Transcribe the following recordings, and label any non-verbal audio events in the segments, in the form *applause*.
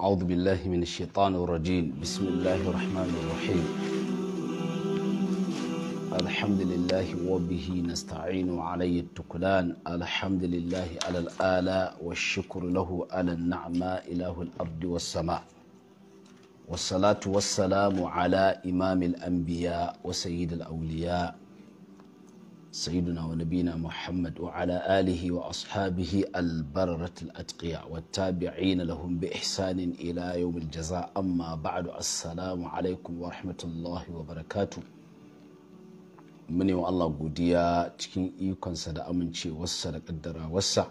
أعوذ بالله من الشيطان الرجيم بسم الله الرحمن الرحيم الحمد لله وبه نستعين عليه التكلان الحمد لله على الآلاء والشكر له على النعماء إله الأرض والسماء والصلاة والسلام على إمام الأنبياء وسيد الأولياء سيدنا ونبينا محمد وعلى آله وأصحابه البررة الأتقياء والتابعين لهم بإحسان إلى يوم الجزاء أما بعد السلام عليكم ورحمة الله وبركاته mune wa Allah godiya cikin ikonsa da amincewarsa da kaddarawarsa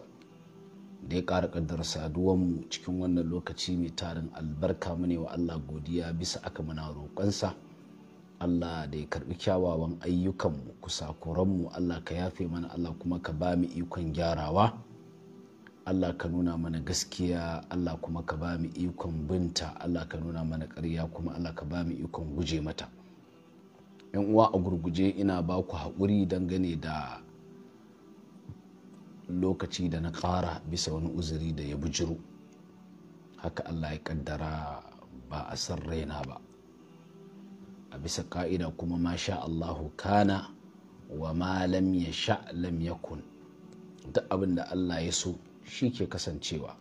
da ya ƙara kaddara saduwanmu cikin wannan lokaci mai tarin albarka mune wa Allah godiya bisa aka muna roƙonsa Allah da ya karbi kyawawan ayyukanmu kusakuranmu Allah ka yafe mana Allah kuma ka ba mu ikon gyarawa Allah ka nuna mana gaskiya Allah kuma ka ba mu ikon binta Allah ka nuna mana ƙarya kuma Allah ka ba mu ikon guje mata yan uwa a gurguje ina ba ku haƙuri dangane da lokaci da na ƙara bisa wani uzuri da ya bujiro haka Allah ya ƙaddara ba a san raina ba a bisa ka'ida kuma masha Allahu kana wa ma lam ya sha lam yakun duk abin da Allah ya so shi ke kasancewa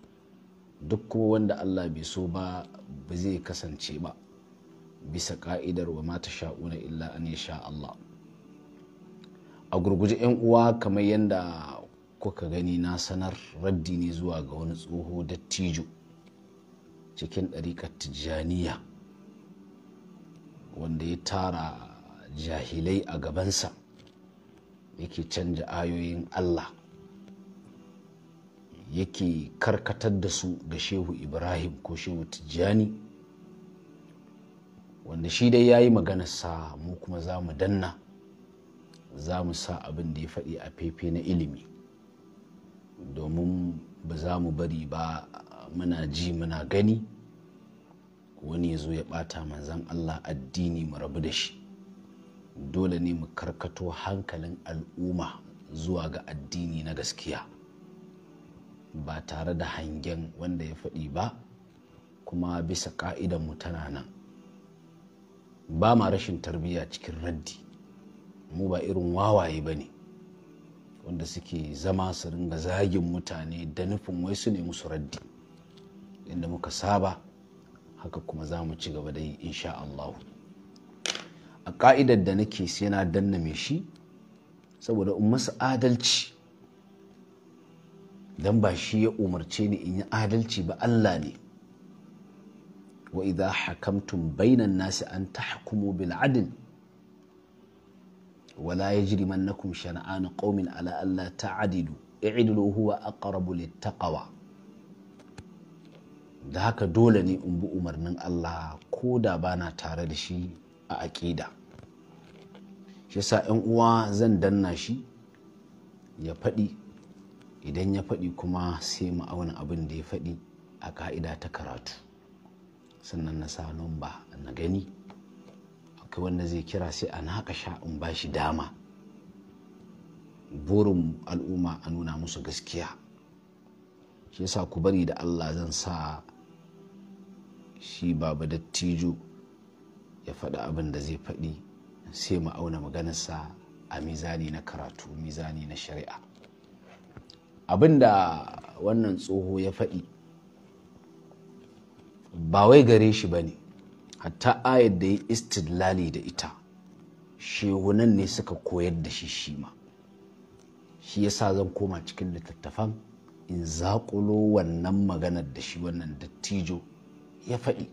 duk kuma wanda Allah bai so ba ba zai kasance ba bisa ka'idar wa mata sha'una illa an ya sha Allah a gurguje 'yan uwa kamar yadda kuka gani na sanar raddi ne zuwa ga wani tsoho dattijo cikin ɗariƙar tijjaniya wanda ya tara jahilai a gabansa yake canja ayoyin Allah yake karkatar da su ga shehu ibrahim ko shehu tijjani wanda shi dai ya yi sa mu kuma za mu danna za mu sa abin da ya faɗi a fefe na ilimi domin ba za mu bari ba muna ji muna gani wani ya zo ya ɓata manzan Allah addini mu rabu da shi dole ne mu karkato hankalin al'umma zuwa ga addini na gaskiya ba tare da hangen wanda ya faɗi ba kuma bisa ƙa'idan tana nan ba ma rashin tarbiyya cikin raddi mu ba irin wawaye ba ne wanda suke zama su ringa zagin mutane da nufin wai su ne musu raddi inda muka saba haka kuma za mu ci gaba da yi insha Allah a ka'idar da nake sai na danna mai shi saboda in masu adalci dan ba shi ya umarce ni in yi adalci ba Allah ne wa idza hakamtum bainan nasi an tahkumu bil adl ولا يجرمنكم شنآن ala على ألا تعدلوا اعدلوا هو أقرب للتقوى da haka dole ne in bi umarnin Allah ko da ba na tare da shi a aƙida shi sa ‘yan uwa zan danna shi ya faɗi idan ya faɗi kuma sai mu auna abin da ya faɗi a ka'ida ta karatu sannan na sa ba na gani akwai wanda zai kira sai a sha in ba shi dama burin al'umma a nuna musu gaskiya shi sa ku bari da Allah zan sa shi baba dattijo ya faɗi abin da zai faɗi sai mu auna maganarsa a mizani na karatu mizani na shari'a abin da wannan tsoho ya faɗi ba wai gare shi ba ne hatta ayar da ya istidlali da ita shehunan ne suka koyar da shi shi ma shi sa zan koma cikin littattafan in zaƙulo wannan maganar da shi wannan dattijo ya faɗi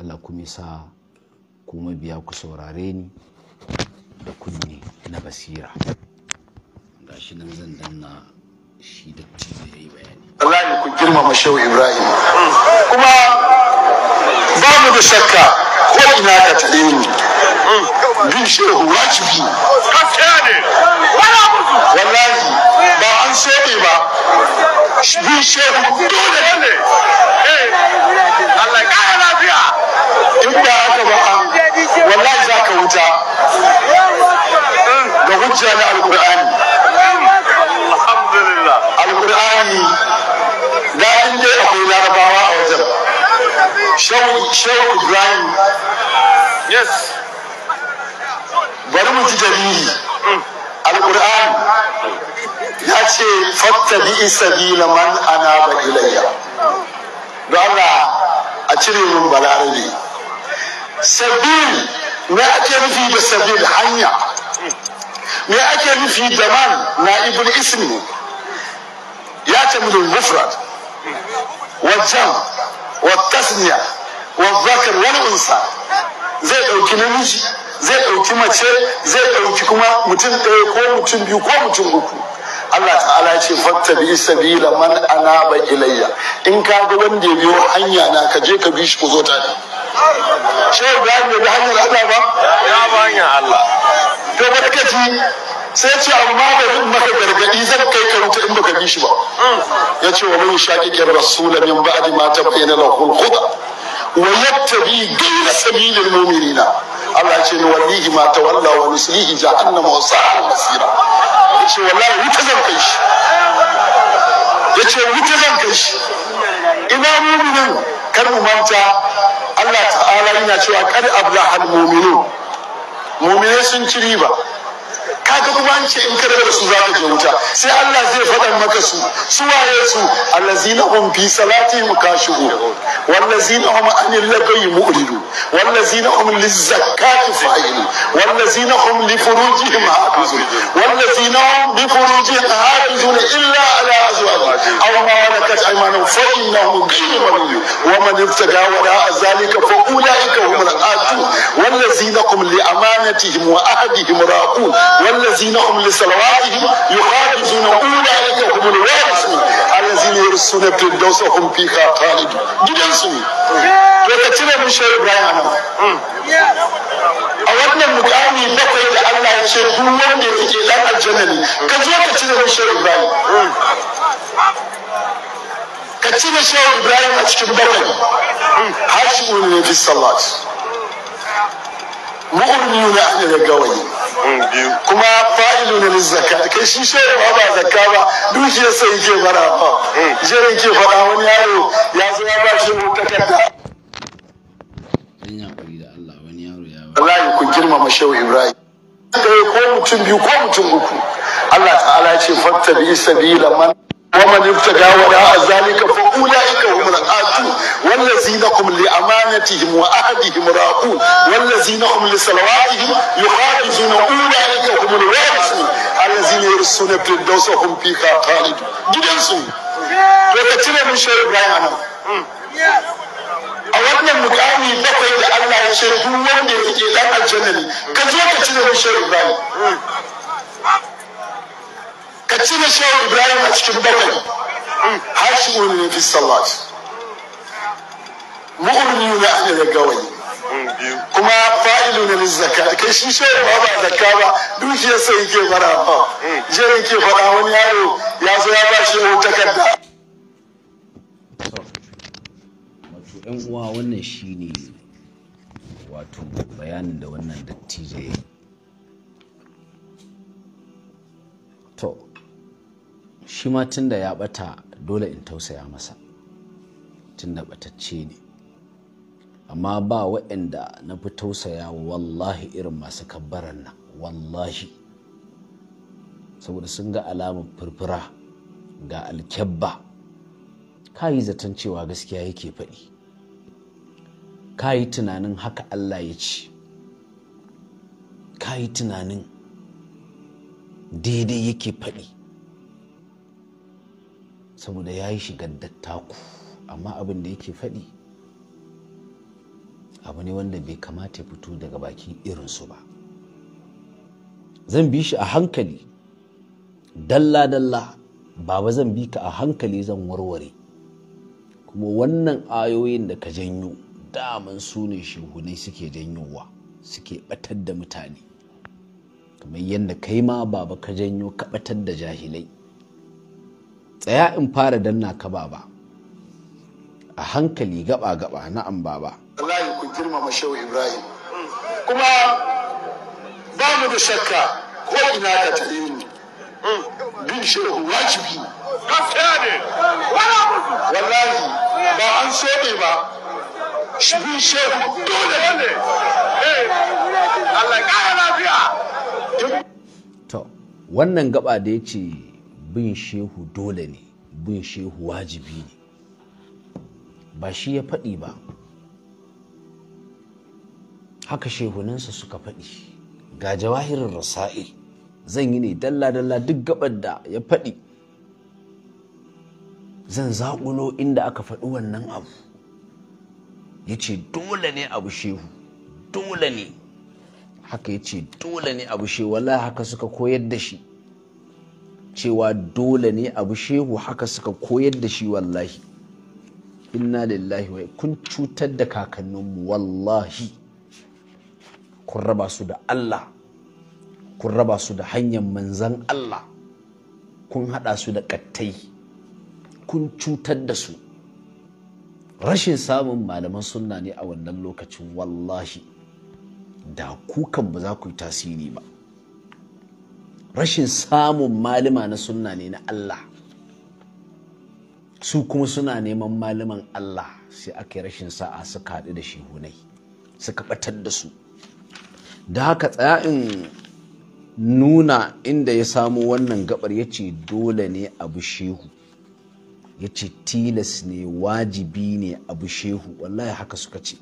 Allah kuma sa kuma biya ku saurare ni da kunne na basira gashi nan zan danna shi da ya yi bayani wallahi ku girmama shehu ibrahim kuma babu da shakka ko ina ka tare ni bin shehu wajibi wallahi ba an sobe ba bin shehu dole ne eh, Allah ya lafiya in ba ba wallahi za ka wuta ga hujja na alkur'ani alkur'ani da in akwai larabawa a wajen shehu ibrahim yes bari mu ji dalili alquran ya ce bi sabila man ba ilayya don Allah a cire mun balarabe sabil me ake nufi da sabil hanya me ake nufi da man na ibn ismi ya ce mu mufrad wajen wa tasniya wa zakar wani unsa zai ɗauki namiji zai ɗauki mace zai ɗauki kuma mutum ɗaya ko mutum biyu ko mutum uku Allah ta'ala ce fattabi sabila man anaba ilayya in ka ga wanda ya biyo hanya na ka je ka bi shi ku zo tare shi Ibrahim ya bi hanyar Allah ba ya ba hanyar Allah to barkaci sai ce amma ba zan maka gargadi zan kai ka wuta in baka bi shi ba mm. ya ce wa man shaqiqir rasul min ba'di ma tabayyana lahu al ويتبي غير سبيل المؤمنين الله يجعل وليه ما تولى ونسليه جهنم وساء المسيرة يجعل والله متزن كيش يجعل متزن كيش إنا مؤمنون كان ممتع الله تعالى إنا شوى كان أبلاح المؤمنون مؤمنين سنتريبا kaga kuma an ce in ka da su za ka je wuta sai Allah zai faɗa maka su su waye su allazina hum fi salatihim kashihu wallazina hum anil lagayi mu'ridu wallazina hum lizzakati fa'ilu wallazina hum li furujihim hafizun wallazina hum li furujihim hafizun illa ala azwajihim aw ma malakat aymanuhum fa innahum ghayru mamnun wa man ibtaga wara zalika fa ulaika humul adu wallazina hum li amanatihim wa ahdihim ra'un والذين هم لصلواتهم يخالفون اولئك هم الوارثون الذين يرثون الفردوس فيها خالدون جدا سوي وكتير من شيخ ابراهيم a wannan mukami bakwai da Allah ya ce duk wanda yake dan aljanna ne ka zo ka cire min Ibrahim ka cire shehu Ibrahim a cikin bakwai hashimu ne fi salat mu'urmi ne an da gawayi mm, kuma fa'ilu ne zakka kai shi shi ba ba zakka ba dukiyar sai yake fara fa jirin mm. ke fara wani yaro ya zama ya ba shi takarda dan ya kuri da Allah wani yaro ya wallahi ku girmama shehu Ibrahim kai ko mutum biyu ko mutum uku Allah ta'ala ya ce fattabi sabila man ومن ابتغى وراء ذلك فاولئك هم العادون والذين هم لامانتهم وعهدهم راقون والذين هم لصلواتهم يخالفون اولئك هم الوارثون الذين يرثون الفردوس وهم فيها خالدون جدا سوء من شيخ ابراهيم a wannan mukami bakwai da Allah ya ce wanda ya ke dan aljanna ne ka zo ka cire mu shari'a ka cire shehu ibrahim a cikin bakwai wani mm, ne fi salat mu'minu na da gawayi mm, kuma fa'ilu ne zakka kai shi shehu ba ba zakka ba dukiyar sai yake fara ba mm. jiran ke fara wani yaro ya zo ya ba shehu takarda wato yan uwa wannan shine wato bayanin da wannan dattijo ya to shi ma tun da ya bata dole in tausaya masa tun da ɓatacce ne amma ba waɗanda na fi tausaya wallahi irin masu kabbaran nan wallahi saboda sun ga alamar furfura ga alkyabba ka yi zaton cewa gaskiya yake faɗi ka yi tunanin haka allah ya ce ka yi tunanin daidai yake faɗi saboda ya yi shigar dattaku amma abin da yake faɗi abu ne wanda bai kamata ya fito daga bakin irinsu ba zan bi shi a hankali dalla-dalla baba zan bi ka a hankali zan warware kuma wannan ayoyin da ka janyo daman su ne shugunai suke janyowa suke batar da mutane kamar yadda kai ma baba ka janyo ka batar da jahilai tsaya in fara danna ka baba a hankali gaba gaba na'am baba wallahi ku girmama shehu ibrahim kuma ba mu da shakka ko ina ka ni bin shehu wajibi gaskiya ne wallahi ba an so ne ba bin shehu dole ne eh, Allah ya kara lafiya to wannan gaba da ya ce bin shehu dole ne bin shehu wajibi ne ba shi ya faɗi ba haka shehuninsa suka faɗi ga jawahirin rasa'i zan yi ne dalla-dalla duk gabar da ya faɗi zan zaƙulo inda aka faɗi wannan abu ya ce dole ne abu shehu dole ne haka ya ce dole ne abu shehu wala haka suka koyar da shi cewa dole ne abu shehu haka suka koyar da shi wallahi inna lillahi wai kun cutar da kakanninmu wallahi kun raba su da Allah kun raba su da hanyar manzan Allah kun hada su da kattai kun cutar da su rashin samun malaman sunna ne a wannan lokacin wallahi da kukan ba za ku yi tasiri ba rashin samun malima na sunna ne na Allah su kuma suna neman maliman Allah sai aka rashin sa'a suka haɗu da shehunai suka ɓatar da su da haka tsaya in nuna inda ya samo wannan gabar ya ce dole ne abu shehu ya ce tilas ne wajibi ne abu shehu wallahi haka suka ce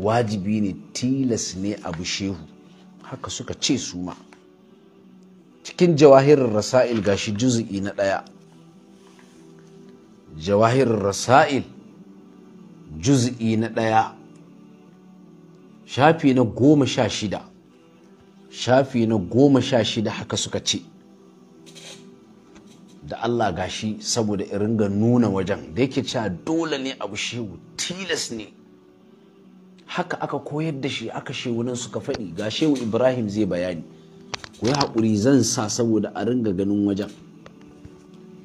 wajibi ne tilas ne abu shehu haka suka ce su ma cikin jawahirin rasa'il gashi juzu'i na ɗaya jawahir rasa'il juzu'i na ɗaya shafi na goma sha shida shafi na goma sha shida haka suka ce da Allah gashi saboda iringa nuna wajen da yake cewa dole ne abu shehu tilas ne haka aka koyar da shi aka nan suka faɗi ga shehu ibrahim zai bayani ku yi haƙuri zan sa saboda a ringa ganin wajen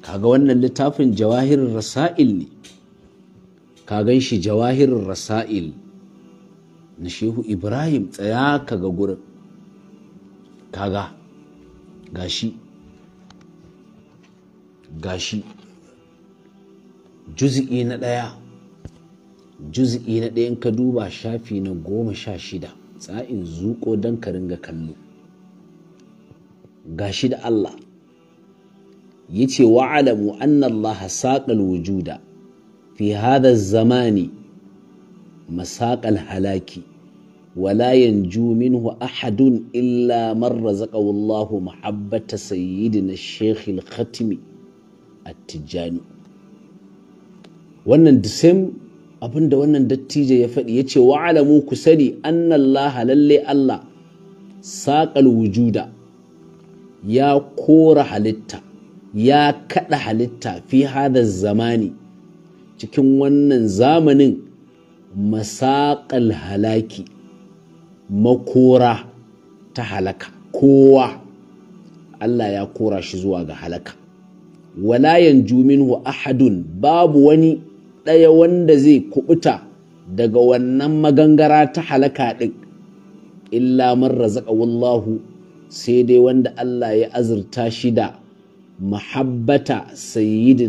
kaga wannan littafin jawahirin rasa'il ne ka gan shi jawahirin rasa'il na shehu ibrahim tsaya kaga gurin kaga gashi gashi juzi'i na ɗaya juzi'i na ɗaya ka duba shafi na goma sha shida tsa'in zuƙo don ka ringa kallo gashi da Allah yace wa'alamu anna Allah saqal wujuda fi hadha zamani masaƙal halaki wala yanju minhu ahadun illa man razaqahu Allah mahabbata sayyidina Sheikh al-Khatimi at-Tijani wannan the same abin da wannan dattijo ya faɗi ya ce wa'alamu ku sani annallaha lalle Allah saƙal wujuda ya kora halitta ya kada halitta fi hada zamani cikin wannan zamanin masakal halaki makora ta halaka kowa Allah ya kora shi zuwa ga halaka wala yanju ahadun babu wani ɗaya wanda zai kubuta daga wannan magangara ta halaka ɗin illa man razaqahu Allahu sai dai wanda Allah ya azurta shi da mahabbata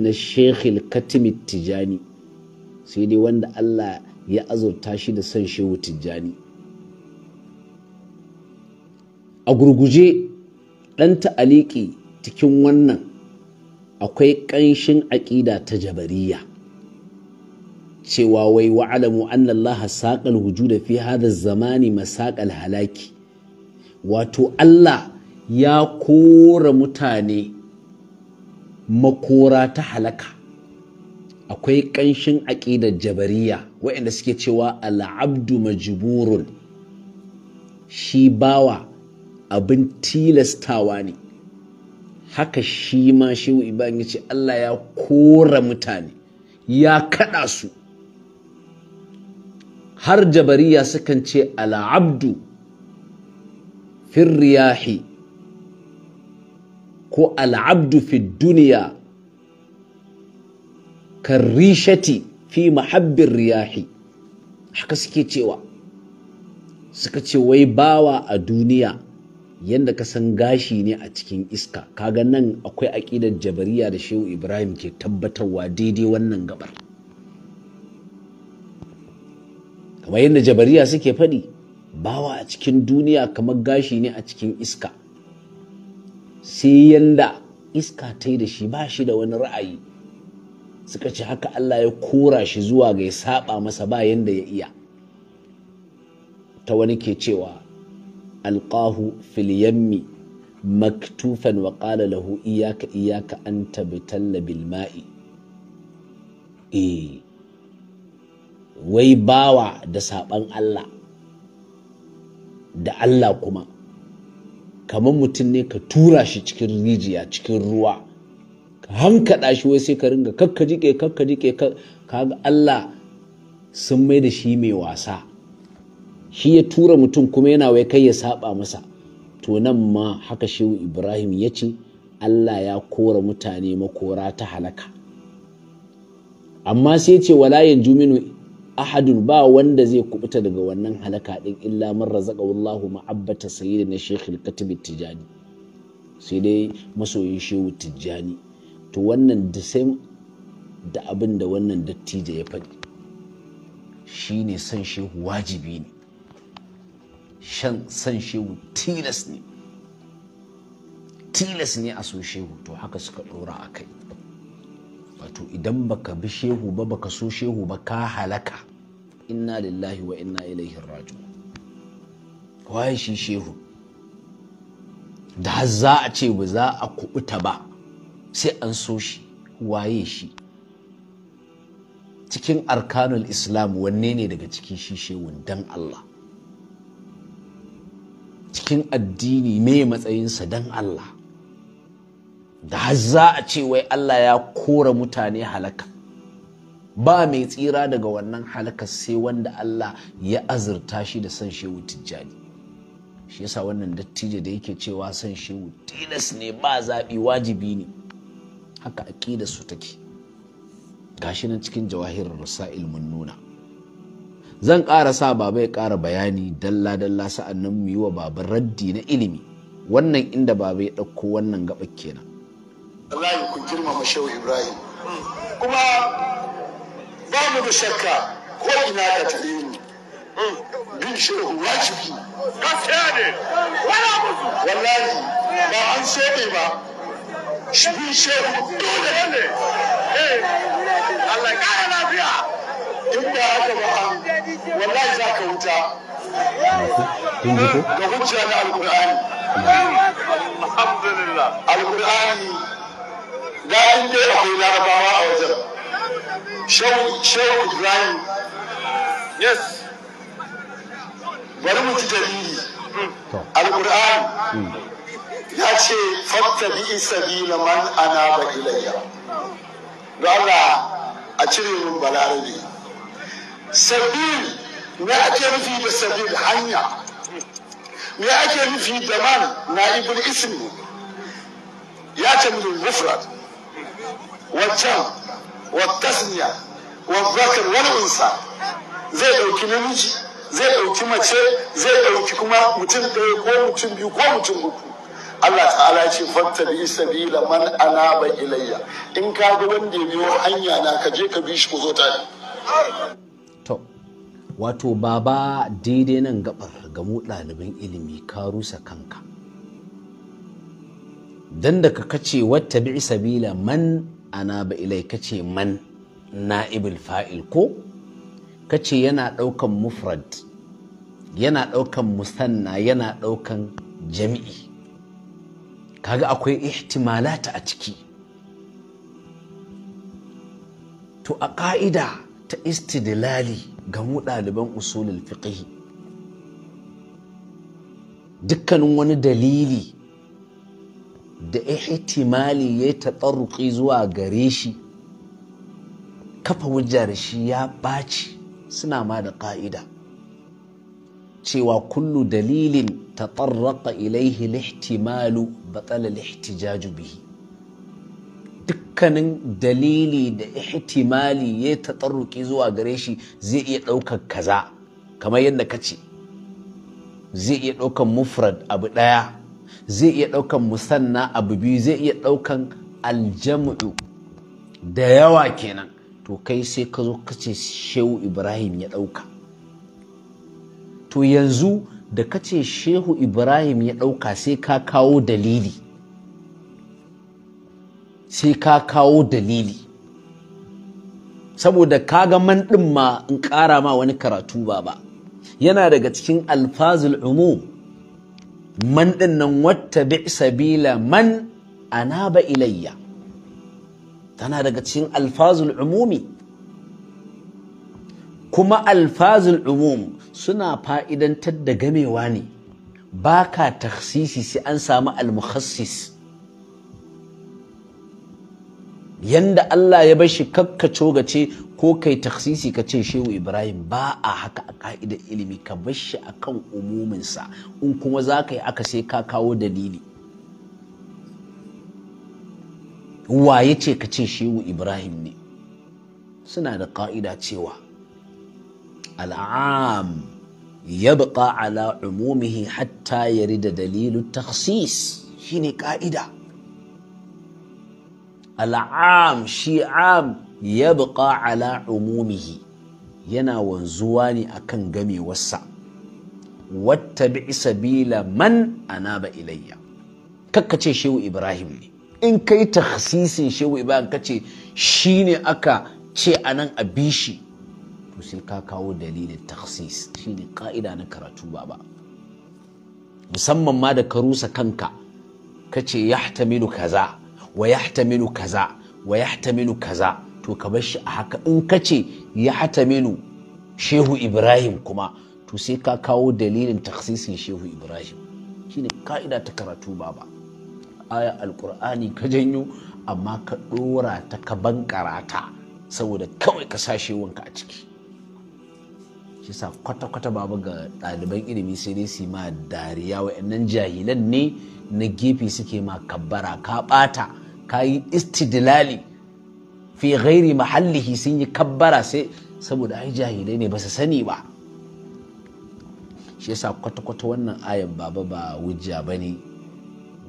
na shekhil katimi tijani sai dai wanda Allah ya azurta shi da son shehu tijani. a gurguje ɗan ta'aliki cikin wannan akwai ƙanshin aƙida ta jabariya cewa wai wa'alamu anna saƙal hujuda fi hada zamani masaƙal halaki wato Allah ya kora mutane makora ta halaka akwai ƙanshin aƙidar jabariya waɗanda suke cewa al'abdu majiburun shi bawa abin tilastawa ne haka shi ma shehu ibrahim ya ce Allah ya kora mutane ya kaɗa su har jabariya sukan ce al'abdu firriyahi ko al'abdu fi duniya karrishati fi mahabbin riyahi haka suke cewa suka ce wai bawa a duniya yadda ka san gashi ne a cikin iska kaga nan akwai aƙidar jabariya da shehu ibrahim ke tabbatarwa daidai wannan gabar kamar yadda jabariya suke faɗi bawa a cikin duniya kamar gashi ne a cikin iska sai yanda iska ta yi da shi ba shi da wani ra'ayi suka ce haka Allah ya kora shi zuwa ga ya saba masa ba yanda ya iya ta wani ke cewa alƙahu filiyammi maktufan wa ƙala lahu iyaka iyaka an da bilma'i e eh, wai bawa da saban Allah da Allah kuma kamar mutum ne ka tura shi cikin rijiya cikin ruwa ka hankaɗa shi wai sai ka ringa kakka jike kakka jike ka ga Allah sun mai da shi mai wasa shi ya tura mutum kuma yana wai kai ya saba masa to nan ma haka shehu Ibrahim ya ce Allah ya kora mutane makora ta halaka amma sai ce wala yanzu minu ahadun ba wanda zai kubuta daga wannan halaka din illa man wallahu ma'abbata sayyidina shaykh al-katib tijani sai dai masoyin shehu tijani to wannan da same da abin da wannan dattijo ya faɗi shine san shehu wajibi ne shan san shehu tilas ne tilas ne a so shehu to haka suka ɗora a kai wato idan baka bi shehu ba baka so shehu ba ka halaka inna lillahi wa inna ilaihi raju waye shi shehu da za a ce ba za a kubuta ba sai an so shi waye shi cikin arkanul islam wanne ne daga cikin shi shehun dan Allah cikin addini me matsayinsa dan Allah da har za a ce wai Allah ya kora mutane halaka ba mai tsira daga wannan halakar sai wanda Allah ya azurta shi da san shehu tijjani shi yasa wannan dattijo da yake cewa san shehu tilas ne ba zaɓi wajibi ne haka aƙida su take gashi nan cikin jawahirar rasa'il mun nuna zan ƙara sa baba ya ƙara bayani dalla-dalla sa'annan mu yi wa baba raddi na ilimi wannan inda baba ya ɗauko wannan gaba kenan wallahi ku girmama shehu ibrahim kuma ba mu da shakka ko ina ka tare ni bin shehu wajibi gaskiya ne wala musu wallahi ba an sobe ba bin shehu dole ne eh, Allah kara lafiya inda haka ba wallahi za ka wuta ga hujja na alkur'ani alhamdulillah alkur'ani da an je akwai larabawa a wajen shehu ibrahim yes bari mu ji dalili hmm. alquran hmm. ya ce fattabi sabila man anaba ilayya don Allah a cire min balarabe sabil me ake nufi da sabil hanya me ake nufi da man na ibul ismi ya ce min mufrad والجمع wabakar wani unsa zai ɗauki namiji zai ɗauki mace zai ɗauki kuma mutum ɗaya ko mutum biyu ko mutum uku Allah ta'ala ce bi sabila man anaba ilayya in ka ga wanda ya biyo hanya na ka je ka bi shi ku zo tare to wato baba daidai nan gabar ga mu ɗaliban ilimi ka rusa kanka dan da ka kace bi sabila man Ana ba ilai kace man na'ibul fa'il ko kace yana ɗaukan mufrad yana ɗaukan musanna yana ɗaukan jami'i kaga akwai ihtimalata a ciki to a ƙa'ida ta istidlali ga mu ɗaliban usulul fiqh dukkanin wani dalili da ihtimali ya taɓarruƙi zuwa gare shi kafa hujjar shi ya ɓaci suna ma da ƙa'ida cewa kullu dalilin taɓarraƙa ilaihi lihtimalu batsala lihtijaju bihi dukkanin dalili da ihtimali ya taɓarruƙi zuwa gare shi zai iya ɗaukar kaza kamar yadda ka ce zai iya ɗaukar mufrad abu ɗaya zai iya ɗaukan musanna abu biyu zai iya ɗaukan aljamu'u da yawa kenan to kai sai ka zo ka ce shehu ibrahim ya ɗauka to yanzu da ka ce shehu ibrahim ya ɗauka sai ka kawo dalili sai ka kawo dalili saboda kaga man ɗin ma in ƙara ma wani karatu ba ba yana daga cikin alfazul umum man ɗin nan wata bi sabila man anaba ilayya tana daga cikin alfazul umumi kuma alfazul umum suna fa'idantar da gamewa ne ba ka taksisi sai an samu almukhassis yanda Allah ya bashi kakkaco ce ko kai taksisi ka ce shehu ibrahim ba a haka a ka'idar ilimi ka bar shi a kan umuminsa in kuma za ka yi aka sai ka kawo dalili waye ce ka ce shehu ibrahim ne suna da ka'ida cewa al'am yabqa ala umumihi hatta yarida dalilu taksis shine ka'ida al'am shi'am buƙa ala umumihi yana wanzuwa ne akan gamewarsa wattabi sabila man ba ilayya kakkace shehu ibrahim ne in kai tahsisin shehu ibrahim kace ne aka ce anan a bishi to sai ka kawo dalilin takhsis shine ka'ida na karatu ba. musamman ma da ka rusa kanka kace yahtamilu kaza wa yahtamilu kaza wa yahtamilu kaza to ka bar shi a haka in ka ce ya hatamilu shehu ibrahim kuma to sai ka kawo dalilin taksisin shehu ibrahim shine ka'ida ta karatu baba aya alkur'ani ka janyo amma ka ɗora ta ka bankarata saboda kawai ka sa wanka a ciki shi sa kwata-kwata baba ga ɗaliban ilimi sai dai su ma dariya wa'annan jahilan ne na gefe suke ma kabbara ka ɓata ka yi istidilali. fi ghairi mahallihi sun yi kabbara sai saboda ai jahilai ne ba su sani ba shi yasa kwata-kwata wannan ayan baba ba wujja ba ne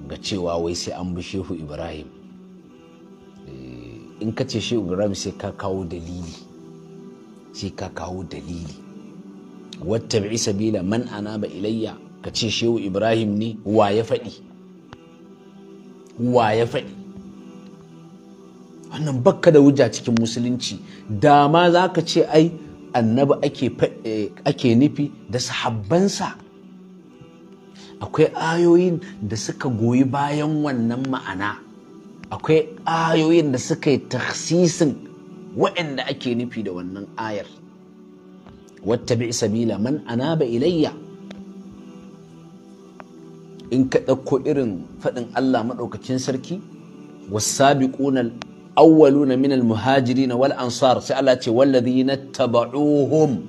ga cewa wai sai an bi shehu ibrahim eh, in ka ce shehu ibrahim sai ka kawo dalili sai ka kawo dalili wata bi sabila man ana ba ilayya ka ce shehu ibrahim ne wa ya faɗi wa ya faɗi wannan bakka da wuja cikin musulunci Dama ma za ka ce ai annabi eh, ake nufi da sahabbansa akwai ayoyin da suka goyi bayan wannan ma'ana akwai ayoyin da suka yi taksisin waɗanda ake nufi da wannan ayar wata bi sabila man ba ilayya in ka ɗauko irin faɗin Allah maɗaukacin sarki والسابقون awwaluna minal muhajirin wal ansar sai Allah ce walladhina tabauhum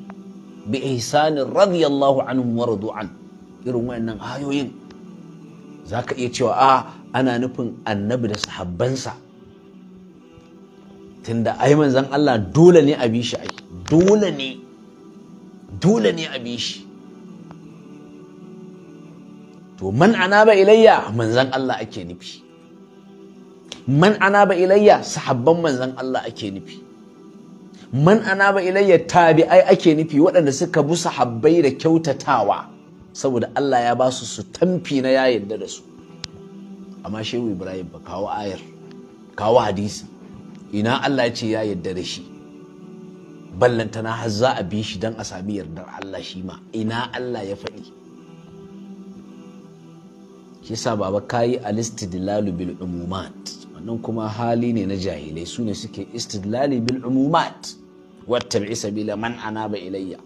bi ihsanin radiyallahu anhum wa radu'an irin wayannan ayoyin zaka iya cewa a ah, ana nufin annabi da sahabbansa tunda ai manzon Allah dole ne a bi shi ai dole ne dole ne a bi shi to man anaba ilayya manzon Allah ake nufi man anaba ilayya sahabban manzon Allah ake nufi man anaba ilayya tabi'ai ake nufi waɗanda suka bi sahabbai da kyautatawa saboda Allah ya ba su su tamfi na ya yarda da su amma shehu Ibrahim ba kawo ayar kawo hadisi ina Allah ya ce ya yarda da shi na har za a bi shi don a sami yardar Allah shi ma ina Allah ya faɗi shi sa baba kayi alistidilalu bil umumat wannan kuma hali ne na jahilai su ne suke istidlali bil umumat wata bi bila man ana ba ilayya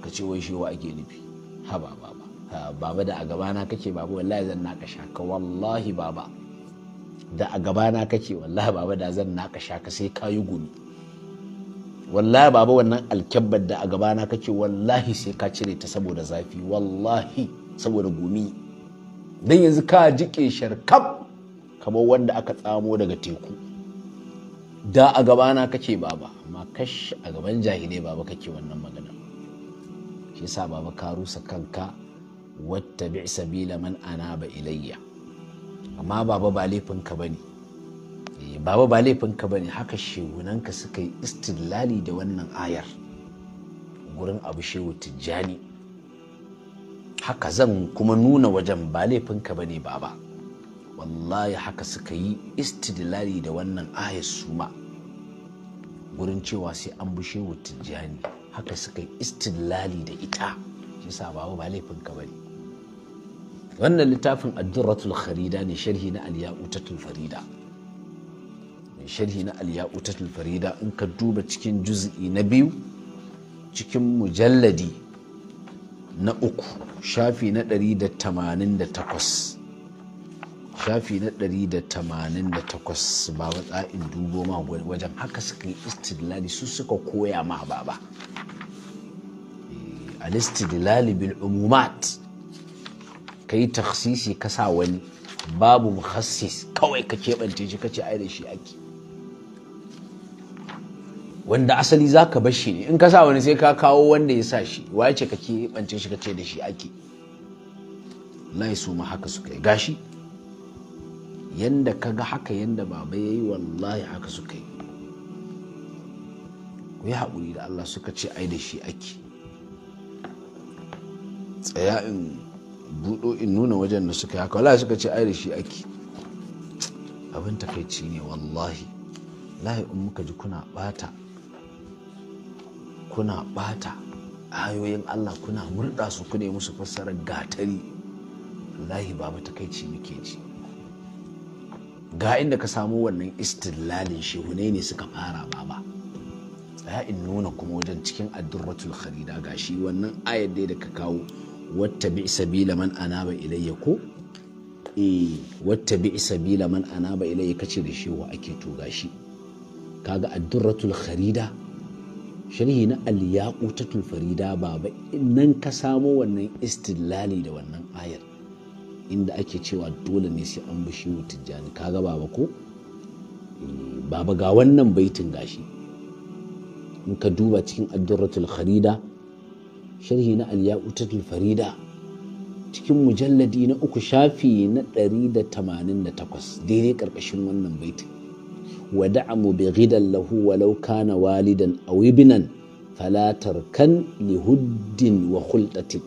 ka ce wai shewa ake nufi ha ba ba baba da a gabana kake ba wallahi zan naka shaka wallahi baba da a gabana kake wallahi baba da zan naka shaka sai ka yi gumi wallahi baba wannan alkyabbar da a gabana kake wallahi sai ka cire ta saboda zafi wallahi saboda gumi don yanzu ka jiƙe sharkab kamar wanda aka tsamo daga teku da a gabana kake baba amma kash a gaban jahilai baba kake wannan magana shi yasa baba ka rusa kanka wata bi sabila man ana ba ilayya amma baba ba laifinka bane eh, baba ba laifinka bane haka shegunanka suka yi istidlali da wannan ayar gurin abu shehu tijjani haka zan kuma nuna wajen ba laifinka bane baba wallahi haka suka yi istidlali da wannan ayar suma gurin cewa sai an bushe tijjani haka suka yi istidlali da ita shi sa babu ba laifin ka bane wannan littafin addurratul kharida ne sharhi na utatul farida sharhi na utatul farida in ka duba cikin juz'i na biyu cikin mujalladi na uku shafi na 188 shafi na 188 ba watsa in dubo ma wajen haka suka yi istidlali su suka koya ma baba ba eh, al bil umumat yi taksisi ka sa wani babu mukhassis kawai ka keɓance shi ce ai da shi ake wanda asali za ka bashi ne in ka sa wani sai ka kawo wanda ya sa shi wace ka keɓance shi ka ce da shi ake lai su ma haka suka yi gashi yanda ka ga haka yanda baba ya yi wallahi haka suka yi ku yi haƙuri da allah suka ce ai da shi ake tsaya in buɗo in nuna wajen da suka yi haka wallahi suka ce ai da shi ake abin takaici ne wallahi lahi in muka ji kuna ɓata kuna ɓata ayoyin allah kuna murɗa su ku musu fassarar gatari lahi baba takaici muke ji ga inda ka samu wannan istilalin shehunai ne suka fara baba tsaya in nuna kuma wajen cikin addurratul kharida ga shi wannan ayar dai da ka kawo wata bi sabila man anaba ilayya ko eh wata bi sabila man anaba ilayya kace da shi wa ake to gashi kaga addurratul kharida sharhi na al-yaqutatul farida baba nan ka samo wannan istilali da wannan ayar inda ake cewa dole ne sai an bishi tijjani kaga baba ko eh, baba ga wannan baitin gashi in ka duba cikin addurratul kharida sharhi na alya'utatul farida cikin mujalladi na uku shafi na 188 daidai karkashin wannan baitin ودعم بغدا له walidan walidan والدا Talatar ابنا فلا تركن wa وخلطة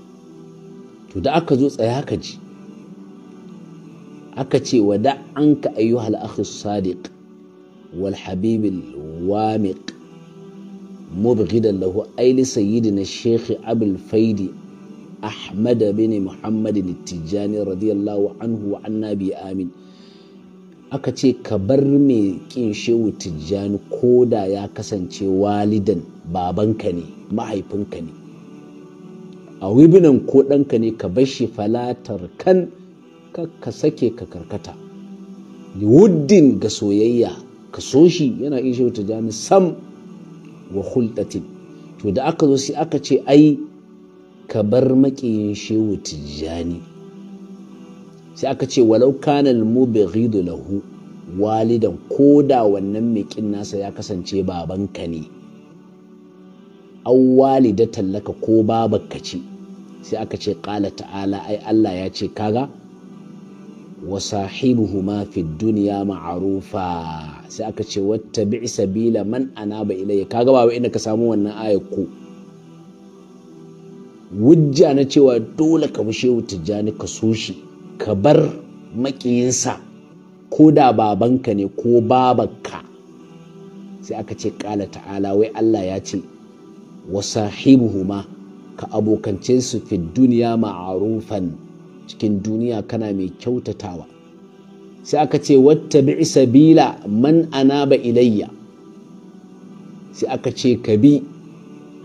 to da aka zo tsaya ka ji aka ce wa da ayyuhal sadiq wal habibil wamiq mubghidan lahu aili sayyidina shekhi abul faidi ahmad bin muhammad tijjani radiyallahu anhu wa annabi amin aka ce ka bar mai kin shehu tijjani ko da ya kasance walidan babanka ne mahaifinka ne a wibinan ko ɗanka ne ka bar shi falatar kan ka sake ka karkata wuddin ga soyayya ka so shi yana iya shi wata jami sam wa hulɗatin to da aka zo sai aka ce ai ka bar maƙiyin shehu tijjani sai aka ce walau kanal mu lahu walidan ko da wannan maƙin nasa ya kasance babanka ne an walida tallaka ko babanka ce sai aka ce ƙala ta'ala ai Allah ya ce kaga wa sahibuhuma fi duniya ma'arufa sai aka ce wata bi sabila man anaba ilayya kaga ba inda ka samu wannan ayako. ko wujja na cewa dole ka bi shehu tijjani ka so shi ka bar makiyinsa ko da babanka ne ko babanka sai aka ce kala ta'ala wai Allah ya ce wa ma ka abokance su fi duniya ma'arufan cikin duniya kana mai kyautatawa sai aka ce wata bi sabila man anaba ilayya sai aka ce ka bi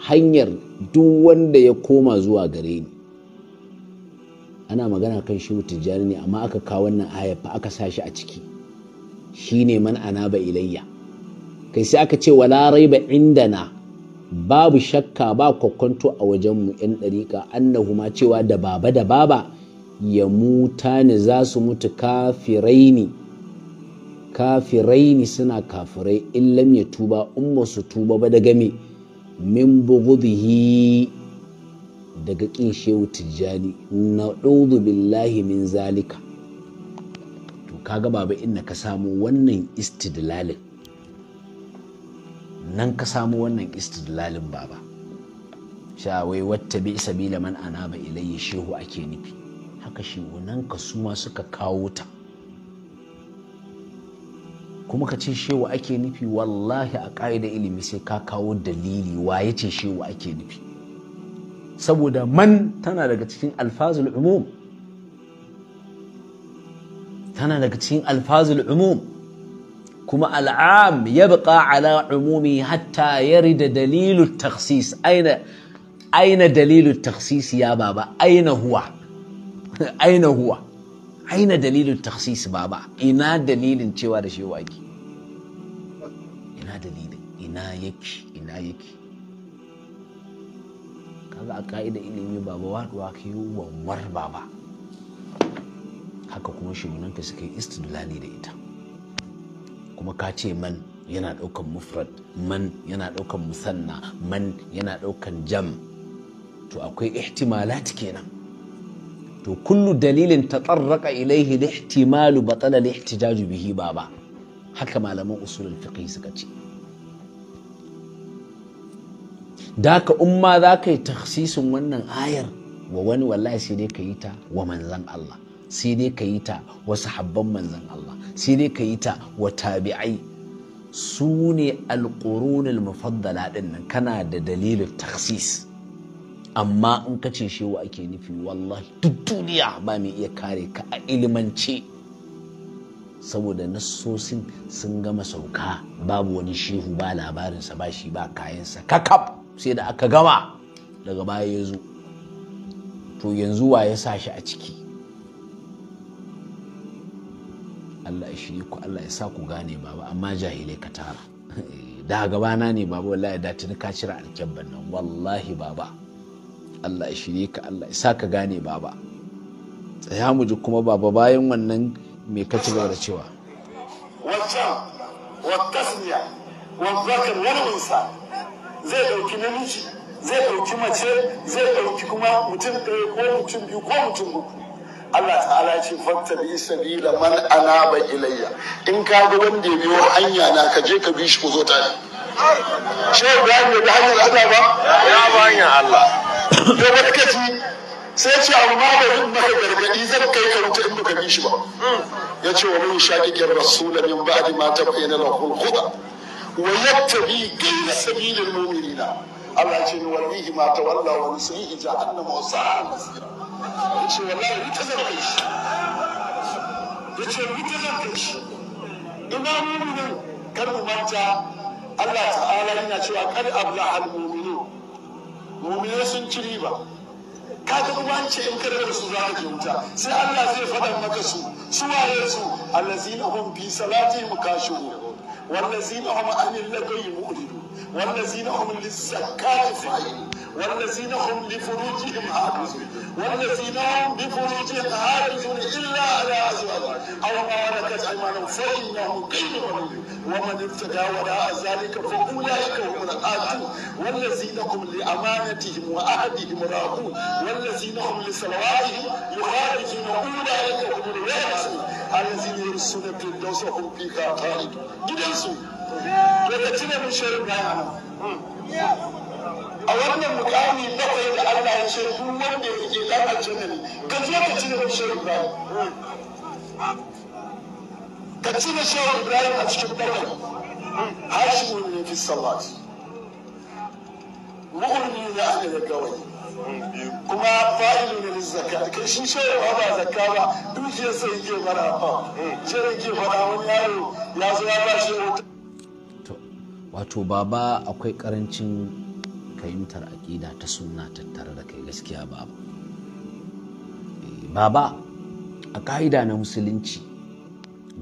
hanyar duk wanda ya koma zuwa gare ni ana magana kan shi tijjani ne amma aka kawo wannan ayar fa aka sa shi a ciki Shi ne man anaba ilayya kai sai aka ce wala inda na. babu shakka ba kwakwanto a wajenmu 'yan ɗariƙa annahuma cewa da baba da baba ya muta ne za su mutu kafiraini suna kafirai in lam ya tuba in ba su tuba ba daga me min bughdihi daga kin shehu tijjani na'udhu billahi min zalika to kaga baba inna ka samu wannan istidlalin nan ka samu wannan istidlalin baba sha wai watta bi sabila man anaba ilayhi shehu ake nufi kashe ka su ma suka kawo ta kuma ka ce shewa ake nufi wallahi a ƙa'idar ilimi sai ka kawo dalili wa ya ce shewa ake nufi saboda man tana daga cikin alfazul umum tana daga cikin alfazul umum kuma al'am ya buƙa ala umumi hatta yarda dalilu taksis aina dalilu taksisi ya baba aina huwa *laughs* aina huwa aina dalilin ba baba ina dalilin cewa da shewa yake ina dalilin ina yake ina yake kaga a ka'ida ilimi ba waduwa ka yi wanwar baba haka kuma shugunanka suka yi istidlali da ita kuma ka ce man yana daukan mufrad man yana daukan musanna man yana daukan jam to akwai ihtimalat kenan to kullu dalilin tatarraka ilaihi lihtimalu batala lihtijaju bihi baba haka malaman usulul fiqh suka ce daka umma za ka yi taksisin wannan ayar wa wani wallahi sai dai ka yi ta wa manzan Allah sai dai ka yi ta wa sahabban manzan Allah sai dai ka yi ta wa tabi'ai su ne alƙurunul mufaddala ɗin nan kana da dalilin taksis amma in ka ce shewa ake nufi wallahi duk duniya ba mai iya kare ka a ilimance saboda nassosin sun gama sauka babu wani shehu ba labarinsa ba shi ba kayansa kakaf sai da aka gama daga baya ya zo to yanzu wa ya sa shi a ciki Allah ya shirye ku Allah ya sa ku gane baba amma jahilai ka tara *laughs* eh, da gabana ne baba wallahi da tuni ka cire alkyabban nan wallahi baba Allah ya shirye ka Allah ya saka gane baba tsaya mu ji kuma baba bayan wannan me ka ci gaba da cewa waccan wa wadzakar wani unsa zai dauki namiji zai dauki mace zai dauki kuma mutum ɗaya ko mutum biyu ko mutum uku Allah ta'ala ce fakta bi sabila man anaba ilayya in ka ga wanda ya biyo hanya na ka je ka bi shi ku zo tare shehu Ibrahim bai bi hanyar Allah ba ya ba hanyar Allah to wani kaji sai ce abu ma bai yin maka gargaɗi zan kai ka wuta in baka bi shi ba ya ce wa mun shaƙiƙin rasula min ba'di ma ta lahu al-huda wa yattabi ghayra sabilil mu'minina Allah ce ni wallahi ma tawalla wa nusrihi jahannama wa sa'al masira ya ce wallahi wuta zan kai shi ya ce wuta zan kai shi ina mu'minin kar mu manta Allah ta'ala yana cewa kar abla al-mu'minin mumine sun ci riba ka ga in in rabar su za ka je wuta sai Allah zai faɗa maka su su waye su allazina hum fi salatihim kashihun wallazina hum anil lagayi mu'ridun والذين هم للزكاة فاعلون والذين هم لفروجهم حافظون والذين هم لفروجهم حافظون إلا على أزواجهم أو ما ملكت أيمانهم فإنهم غير ملومين ومن ابتدى وراء ذلك فأولئك هم العادون والذين هم لأمانتهم وعهدهم راعون والذين هم لصلواتهم يخالفون أولئك هم الوارثون الذين يرثون الفردوس وهم فيها خالدون gidansu to cire min shehu Ibrahim a wannan mukami kai da Allah ya ce duk wanda ya ke dan aljanna ne ka zo ka cire min shehu Ibrahim ka cire shehu Ibrahim a cikin bakwai hashimu ne fi salati mu'mini ne aka da gawayi kuma fa'ilu ne zakka kai shi shi ba ba zakka ba dukiyar sai yake fara fa shi yake fara wani yaro ya zo ya ba shi hoto wato baba akwai karancin fahimtar aƙida ta suna tattare da kai gaskiya baba eh, baba a ƙa'ida na musulunci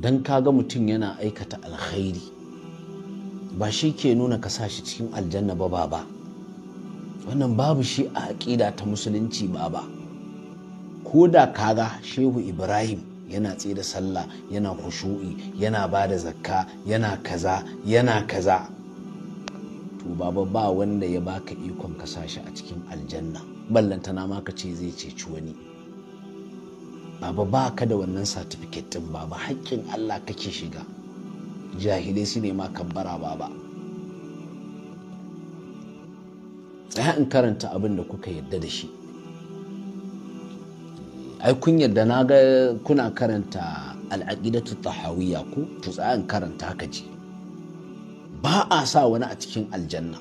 don kaga mutum yana aikata alkhairi ba shi ke nuna ka sa shi cikin aljanna ba baba wannan babu shi a aƙida ta musulunci baba ko da kaga shehu ibrahim yana tsaye da sallah yana kushu'i yana ba da zakka yana kaza yana kaza to baba ba wanda ya baka ikon ka sashi a cikin aljanna ballantana ma ka ce zai ceci wani baba ba ka da wannan certificate din baba haƙƙin Allah kake shiga jahilai su ne ma kabbara baba tsaya in karanta abin da kuka yadda da shi ai kun yadda na ga kuna karanta al'aqidatu tahawiyya ku? to tsaya in karanta haka ji ba a sa wani a cikin aljanna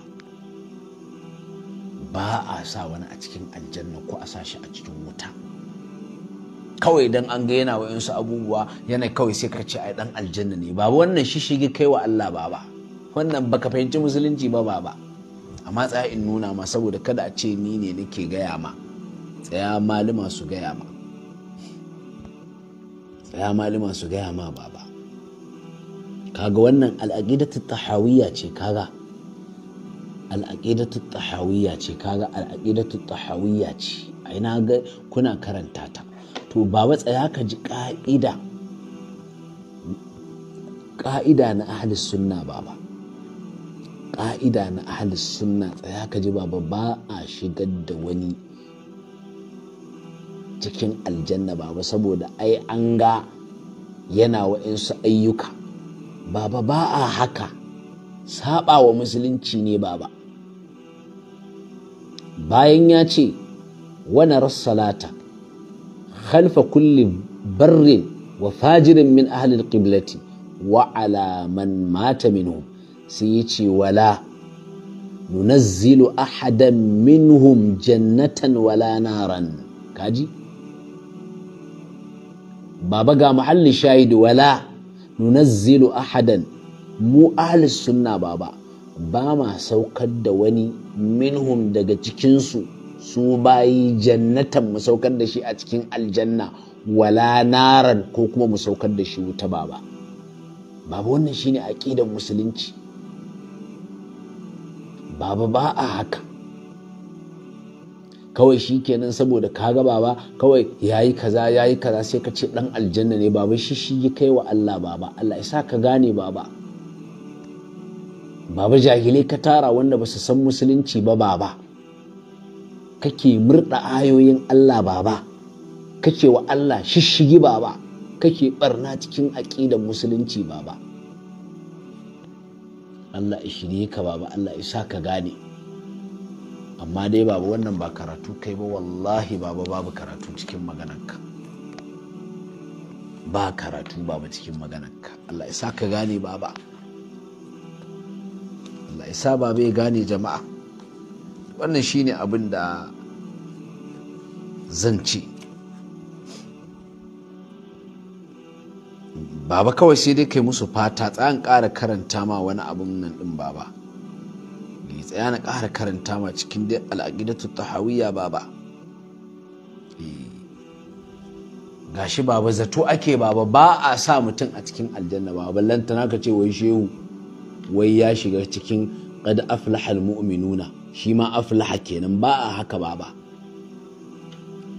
ba a sa wani a cikin aljanna ko a sa shi a cikin wuta kawai dan an ga yana wayansu abubuwa yana kawai sai ka ce ai dan aljanna ne ba wannan shi shige kai wa Allah ba ba wannan baka fahimci musulunci ba ba ba amma tsaya in nuna ma saboda kada a ce ni ne nake gaya ma tsaya malama su gaya ma tsaya malama su gaya ma baba kaga wannan al'aqidatu tahawiyya ce kaga al'aqidatu tahawiyya ce kaga al'aqidatu tahawiyya ce ai na ga kuna karanta ta to ba tsaya ka ji ka'ida ka'ida na ahli sunna baba ka'ida na ahli sunna tsaya ka ji baba ba a shigar da wani cikin aljanna baba saboda ai an ga yana wa'insu ayyuka baba ba a haka saba wa musulunci ne baba bayan ya ce wani rassalata khalfa kulli barrin wa fajirin min ahlil qiblati wa ala mata minhum sai ya ce wala nunazzilu ahadan minhum jannatan wala naran kaji baba ga muhalli shahid wala nunazzilu ahadan mu ahlus sunna baba ba ma saukar da wani minhum daga cikinsu su bayi jannatan mu saukar da shi a cikin aljanna wala naran ko kuma mu saukar da shi wuta baba baba wannan shine aqidar musulunci baba ba a haka kawai shi kenan saboda ka ga baba kawai yayi kaza yayi kaza sai ka ce dan aljanna ne baba shi shi yi kai wa Allah baba Allah ya sa ka gane baba baba jahilai ka tara wanda ba su san musulunci ba baba kake murda ayoyin Allah baba kake wa Allah shishigi baba kake barna cikin aƙidar musulunci baba Allah ya shirye ka baba Allah ya sa ka gane amma dai baba wannan ba karatu kai ba wallahi baba babu karatu cikin maganarka ba karatu baba cikin maganarka Allah isa ka gane baba Allah isa baba ya gane jama'a wannan shine abin da zan ce baba kawai sai dai kai musu fata tsayan ƙara karanta ma wani abin nan ɗin baba tsaya na ƙara karanta ma cikin dai ba ba. baba eh. gashi baba zato ake baba ba a sa mutum a cikin aljanna ba lantana naka ce wai shehu wai ya shiga cikin qad aflaha almu'minuna shi ma aflaha kenan ba a haka baba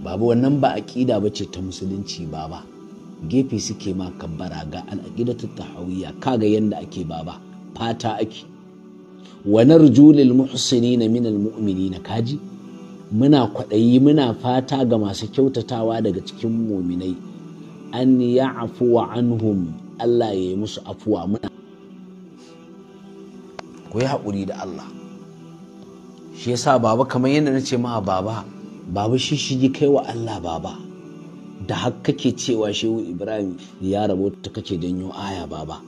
baba wannan ba aqida bace ta musulunci baba gefe suke ma kabbara ga al'aqidatu tahawiyya kaga yanda ake baba fata ake wa narju lil na min al na kaji muna kwaɗayi muna fata ga masu kyautatawa daga cikin muminai an afuwa anhum Allah ya yi musu afuwa muna ku yi haƙuri da Allah shi yasa baba kamar yadda na ce ma baba baba shi shi kai wa Allah baba da haka kake cewa shehu Ibrahim ya ta kake janyo aya baba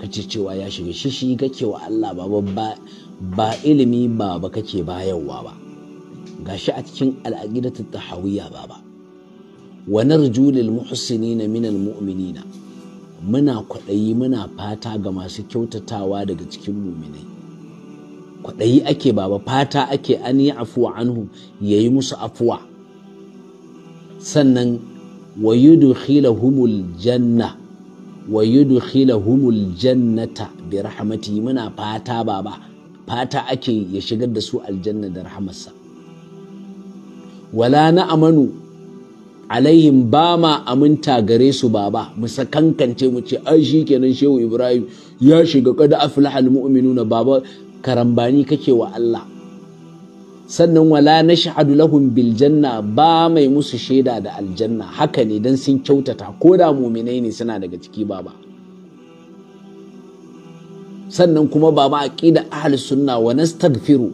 ka ce cewa ya shiga shi shi kake wa Allah ba ba ilimi ba ba kake bayarwa ba Ga shi a cikin al'aqidatu tahawiyya ba ba wa narju lil muhsinina min al mu'minina muna kwaɗayi muna fata ga masu kyautatawa daga cikin muminai kwaɗayi ake baba fata ake an yi afuwa anhu yayi musu afuwa sannan wa yudkhilahumul janna wa yudkhilahumul jannata bi rahmati muna fata baba fata ake ya shigar da su aljanna da rahamarsa wala na amanu alaihim ba ma aminta gare su baba mu sakankance mu ce ai shikenan shehu ibrahim ya shiga kada aflahal mu'minuna baba karambani kake wa Allah sannan wala na shahadu lahum bil ba mai musu shaida da aljanna haka ne don sun kyautata ko da muminai ne suna daga ciki ba ba sannan kuma ba ma aqida ahal sunna wa nastaghfiru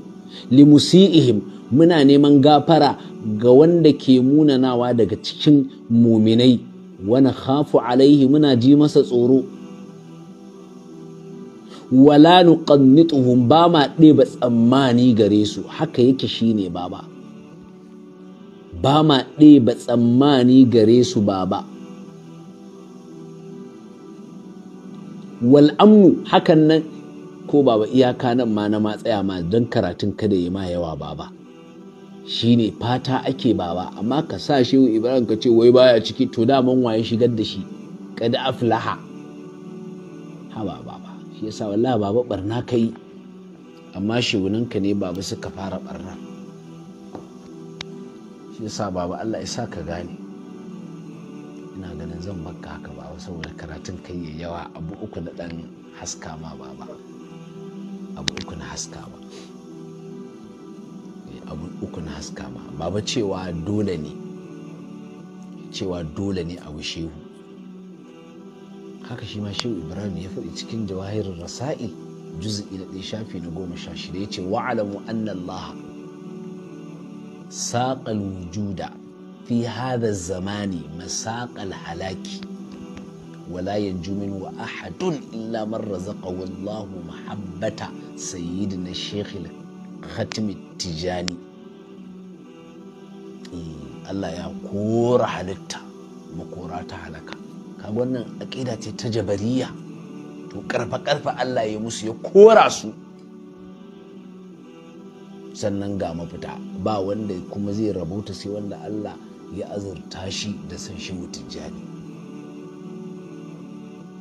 li musiihim muna neman gafara ga wanda ke munanawa daga cikin muminai wani khafu alaihi muna ji masa tsoro wala nuqannituhum ba ma ɗeba tsammani gare su haka yake shine baba ba ma ɗeba tsammani gare su baba ba wal'amnu hakan nan ko ba ba iyaka nan ma na ma tsaya ma don karatun kada ya ma yawa baba shine fata ake baba amma ka sa shehu ibrahim ka ce wai baya ciki to daman waye shigar da shi kada aflaha ha baba shi yasa wallahi baba barna kai amma shiwuninka ne baba suka fara barna shi yasa baba Allah ya sa ka gane ina ganin zan baka haka baba saboda karatun kai ya yawa abu uku na dan haska ma baba abu uku na haska ma eh, abu uku na haska ma baba cewa dole ne cewa dole ne a wushehu haka shi ma shehu ibrahim ya faɗi cikin jawahirin rasa'il juz'i da ɗaya shafi na goma sha shida ya ce wa'alamu anna allah saqal wujuda fi hadha zamani masaqal halaki ولا ينجو منه أحد إلا من رزقه الله محبة سيدنا الشيخ ختم التجاني الله يا كورة حلتا مكورات حلكة wannan aƙida ce ta jabariya to ƙarfa ƙarfa Allah ya musu ya kora su sannan ga mafita ba wanda kuma zai rabauta sai wanda Allah ya azurta shi da san shi tijjani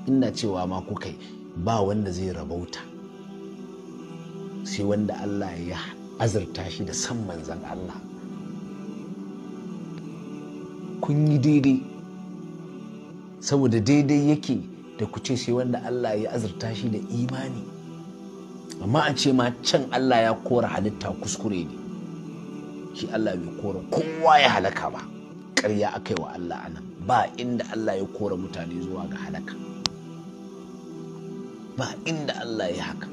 ina cewa ma kukai ba wanda zai rabauta sai wanda Allah ya azurta shi da san manzan Allah kun yi daidai saboda daidai yake da ku ce sai wanda Allah ya azurta shi da imani amma a ce ma can Allah ya kora halitta kuskure ne shi Allah bai kora kowa ya halaka ba ƙarya aka yi wa Allah anan ba inda Allah ya kora mutane zuwa ga halaka ba inda Allah ya haka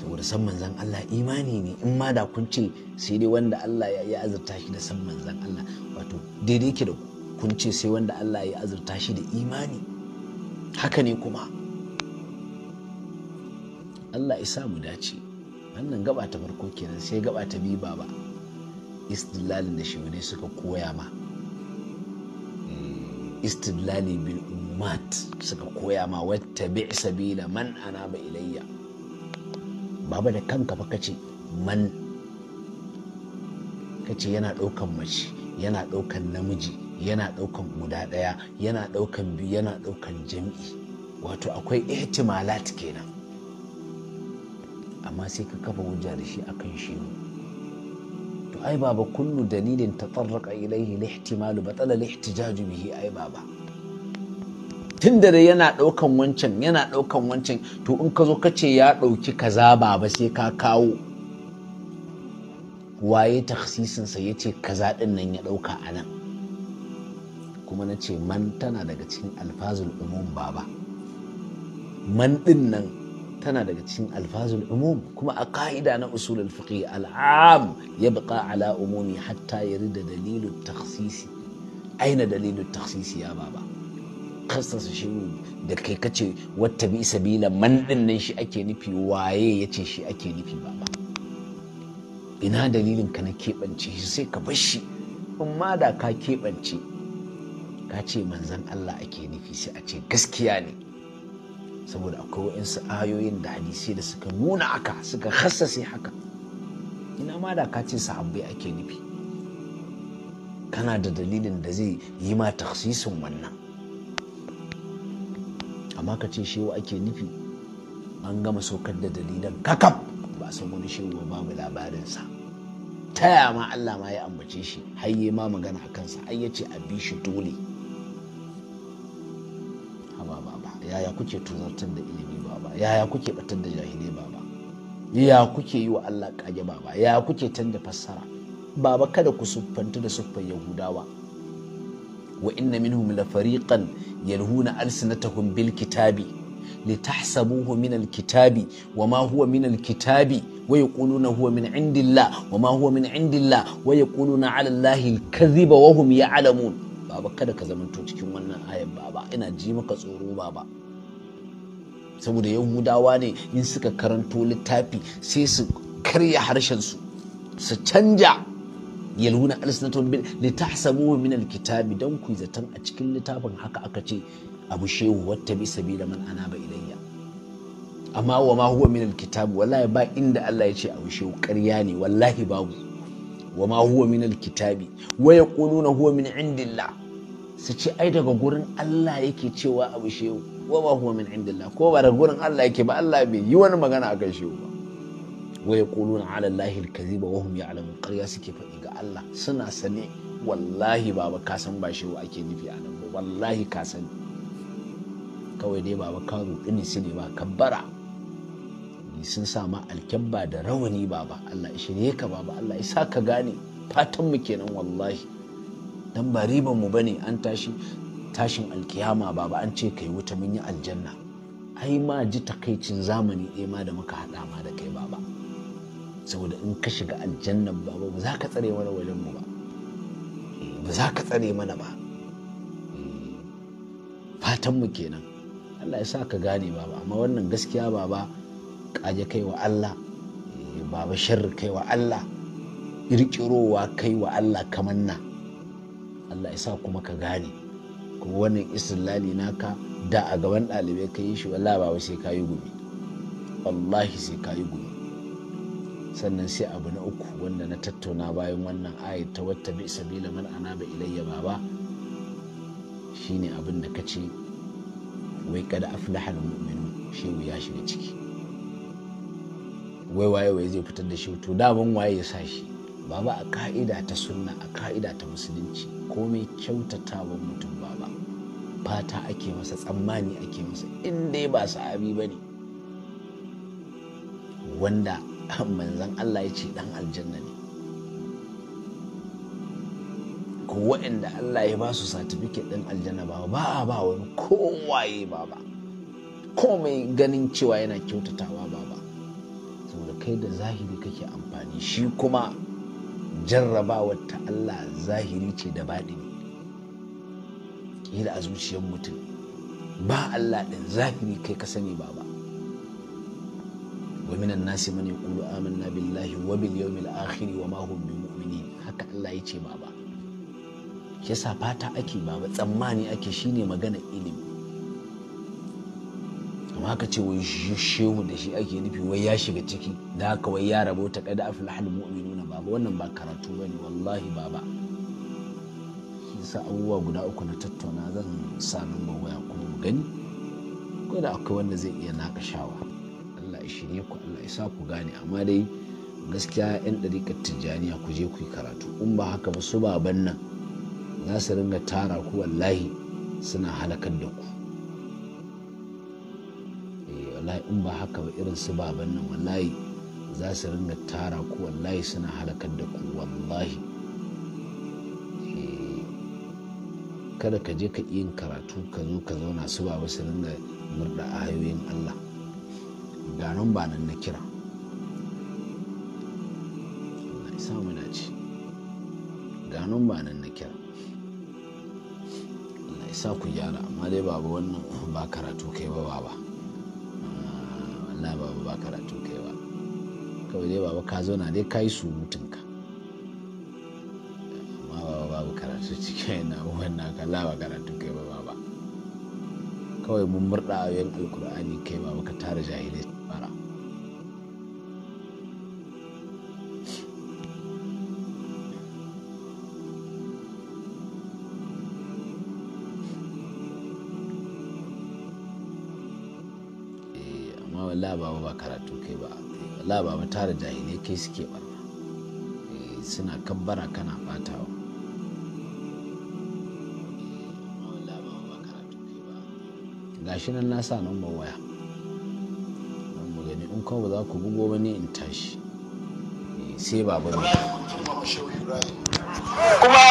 saboda san manzan Allah imani ne in ma da kun ce sai dai wanda Allah ya azurta shi da san manzan Allah wato daidai ke da ku kun ce sai wanda Allah ya azurta shi da imani haka ne kuma Allah ya mu dace wannan gaba ta farko kenan sai gaba ta biyu ba ba istidlalin da shehunai suka koya ma hmm, istidlali bil ummat suka koya ma wata bi sabila man ana ba ilayya baba da kanka fa kace man kace yana ɗaukan mace yana ɗaukan namiji yana ɗaukan guda ɗaya yana ɗaukan biyu yana ɗaukan jam'i wato akwai ihtimalat kenan amma sai ka kafa hujja da shi akan shi to ai baba kullu dalilin tatarraqa ilayhi ihtimalu batala ihtijaju bihi ai baba tun da yana ɗaukan wancan yana ɗaukan wancan to in ka zo ka ce ya ɗauki kaza baba sai ka kawo waye taksisinsa ya ce kaza ɗin nan ya ɗauka anan? kuma na ce man tana daga cikin alfazul umum baba man din nan tana daga cikin alfazul umum kuma a ka'ida na usul al al'am yabqa ala umumi hatta rida dalilu taksisi aina dalilu taksisi ya baba kasasa shi da kai kace wata bi sabila man din nan shi ake nufi waye ya ce shi ake nufi baba ina dalilin ka na keɓance shi sai ka bar shi in ma da ka keɓance ka ce manzan Allah ake nufi sai a ce gaskiya ne saboda akwai wa'insu ayoyin da hadisi da suka nuna aka suka hassase haka ina ma da ka ce sahabbai ake nufi kana da dalilin da zai yi ma taksisin wannan amma ka ce shewa ake nufi an gama saukar da dalilan kakaf ba a san wani shewa babu labarinsa ta ma Allah ma ya ambace shi har ma magana a kansa ayyace a bi shi dole yaya kuke tuzartar da ilimi baba yaya kuke batar da jahilai baba yaya kuke yi wa Allah kage baba yaya kuke canja fassara baba kada ku siffanta da sufan yahudawa wa inna minhum la fariqan yalhuna alsinatahum bil kitabi litahsabuhu min al kitabi wa ma huwa min al kitabi wa yaquluna huwa min indillah wa ma huwa min indillah wa yaquluna ala allahi al kadhiba wa hum ya'lamun baba kada ka zamanto cikin wannan ayan baba ina ji maka tsoro baba saboda yahudawa ne in suka karanto littafi sai su karya harshen su su canja yalwuna alisnatun bil litahsabu min alkitabi dan ku zaton a cikin littafin haka aka ce abu shehu wata bi sabila man ba ilayya amma wa ma huwa min alkitabi wallahi ba inda Allah ya ce abu shehu ƙarya ne wallahi babu wa ma huwa min alkitabi wa yaquluna huwa min indillah su ce ai daga gurin Allah yake cewa abu shehu wa ma huwa min indillah ko ba daga gurin Allah yake ba Allah bai yi wani magana akan shehu ba wa yaquluna ala allahi alkaziba wa hum ya'lamun ƙarya suke fadi ga Allah suna sane wallahi baba ka san ba shehu ake nufi a nan ba wallahi ka sani kawai dai baba ka roƙi ne su ne ba kabbara sun sa ma alkyabba da rawani baba Allah ya shirye ka baba Allah ya sa ka gane fatan mu kenan wallahi dan ba riban mu bane an tashi tashin alkiyama baba an ce kai wuta mun yi aljanna ai ma ji takaicin zamani eh ma da muka haɗa ma da kai baba saboda in ka shiga aljannan baba ba za ka tsare mana wajen mu ba ba za ka tsare mana ba fatan mu kenan Allah ya sa ka gane baba amma wannan gaskiya baba kaje kai wa Allah eh, baba sharri kai wa Allah irkirowa kai wa Allah kamanna Allah ya sa kuma ka gane kuma wannan islali naka da a gaban ɗalibai ka yi shi wallahi ba sai ka yi gumi wallahi sai ka yi gumi sannan sai abu na uku wanda na tattauna bayan wannan ayi ta wata bi sabila man ba ilayya baba shine abin da kace wai kada aflahal mu'minu shehu ya shiga ciki wai waye waye zai fitar da shi to daman waye ya sa shi baba a ka'ida ta sunna a ka'ida ta musulunci komai kyautatawa mutum baba fata ake masa tsammani ake masa in dai ba sahabi ba ne wanda manzan Allah ya ce dan aljanna ne ko waɗanda Allah ya ba su satifiket ɗin aljanna ba ba ba wani kowaye ba ba komai ganin cewa yana kyautatawa ba kai da zahiri kake amfani shi kuma jarrabawar ta Allah zahiri ce da baɗi ƙila a zuciyar mutum ba Allah ɗin zahiri kai ka sani ba ba ومن الناس من يقول آمنا بالله وباليوم الآخر وما هم بمؤمنين haka Allah ya ce baba yasa fata ake baba tsammani ake shi ne magana ilimi amma ka ce wai shehu da shi ake nufi wai ya shiga ciki da haka wai ya rabo ta kada aflahal mu'minuna baba wannan ba karatu bane wallahi baba sa abubuwa guda uku na tattauna zan samu mawaya kuma mu gani ko da akwai wanda zai iya nakashawa Allah ya shirye ku Allah ya sa ku gane amma dai gaskiya yan dariƙar tijjaniya ku je ku yi karatu in ba haka ba su baban nan za su ringa tara ku wallahi suna halakar da ku wallahi in ba haka ba irin su baban nan wallahi za su ringa tara ku wallahi suna halakar da ku wallahi eh, kada ka je ka yin karatu ka zo ka zauna su ba su ringa murda a hayoyin Allah ganin ba nan na kira samu ba nan na kira Allah ya sa ku gyara amma dai babu wannan ba karatu kai ba ba. na ba ba karatu kai kawai dai baba ka zauna dai ka yi surutunka amma baba babu karatu cikin na wannan ka karatu kai ba baba kawai mun murɗa ayoyin alkur'ani kai baba ka tara jahilai ba baba tara jahilai kai suke barna eh, suna kabbara kana batawa gashi nan na sa number waya don mu gani in kawo ba za ku bugo wani in tashi eh, sai ba ba kuma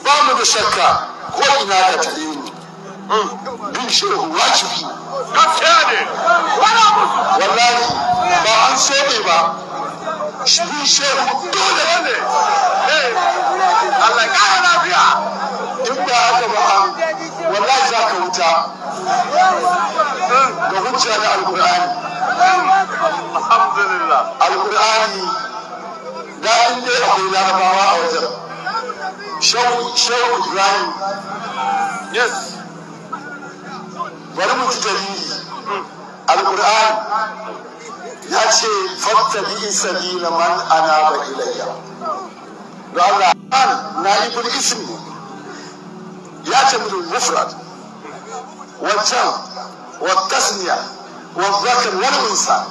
ba mu da shakka ko ina ka tare ni bin shehu wajibi gaskiya ne wallahi ba an so ne ba shi shehu dole ne eh, Allah kara lafiya in ba haka ba wallahi za ka wuta ga hujja na alkur'ani alhamdulillah da akwai larabawa a wajen shehu ibrahim yes bari mu ji dalili alquran ya ce fattabi na man ana ba ilayya da Allah na ibul ism ya ce mu mufrad wancan wa tasniya wa zakar wani insa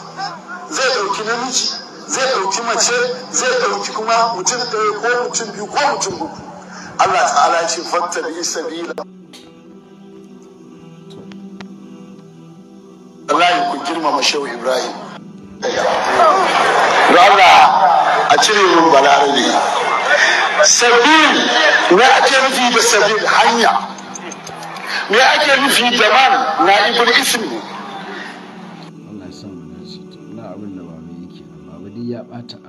zai dauki namiji zai dauki mace zai dauki kuma mutum ɗaya ko mutum biyu ko mutum uku Allah ta'ala ya ce fattabi sabila wallahi ku girmama shehu ibrahim Rabba a cire mun balarabe sabil me ake nufi da sabil hanya me ake nufi da man na ibn ismi Allah ya sa mu dace na abin da ba mai yake amma ba ya bata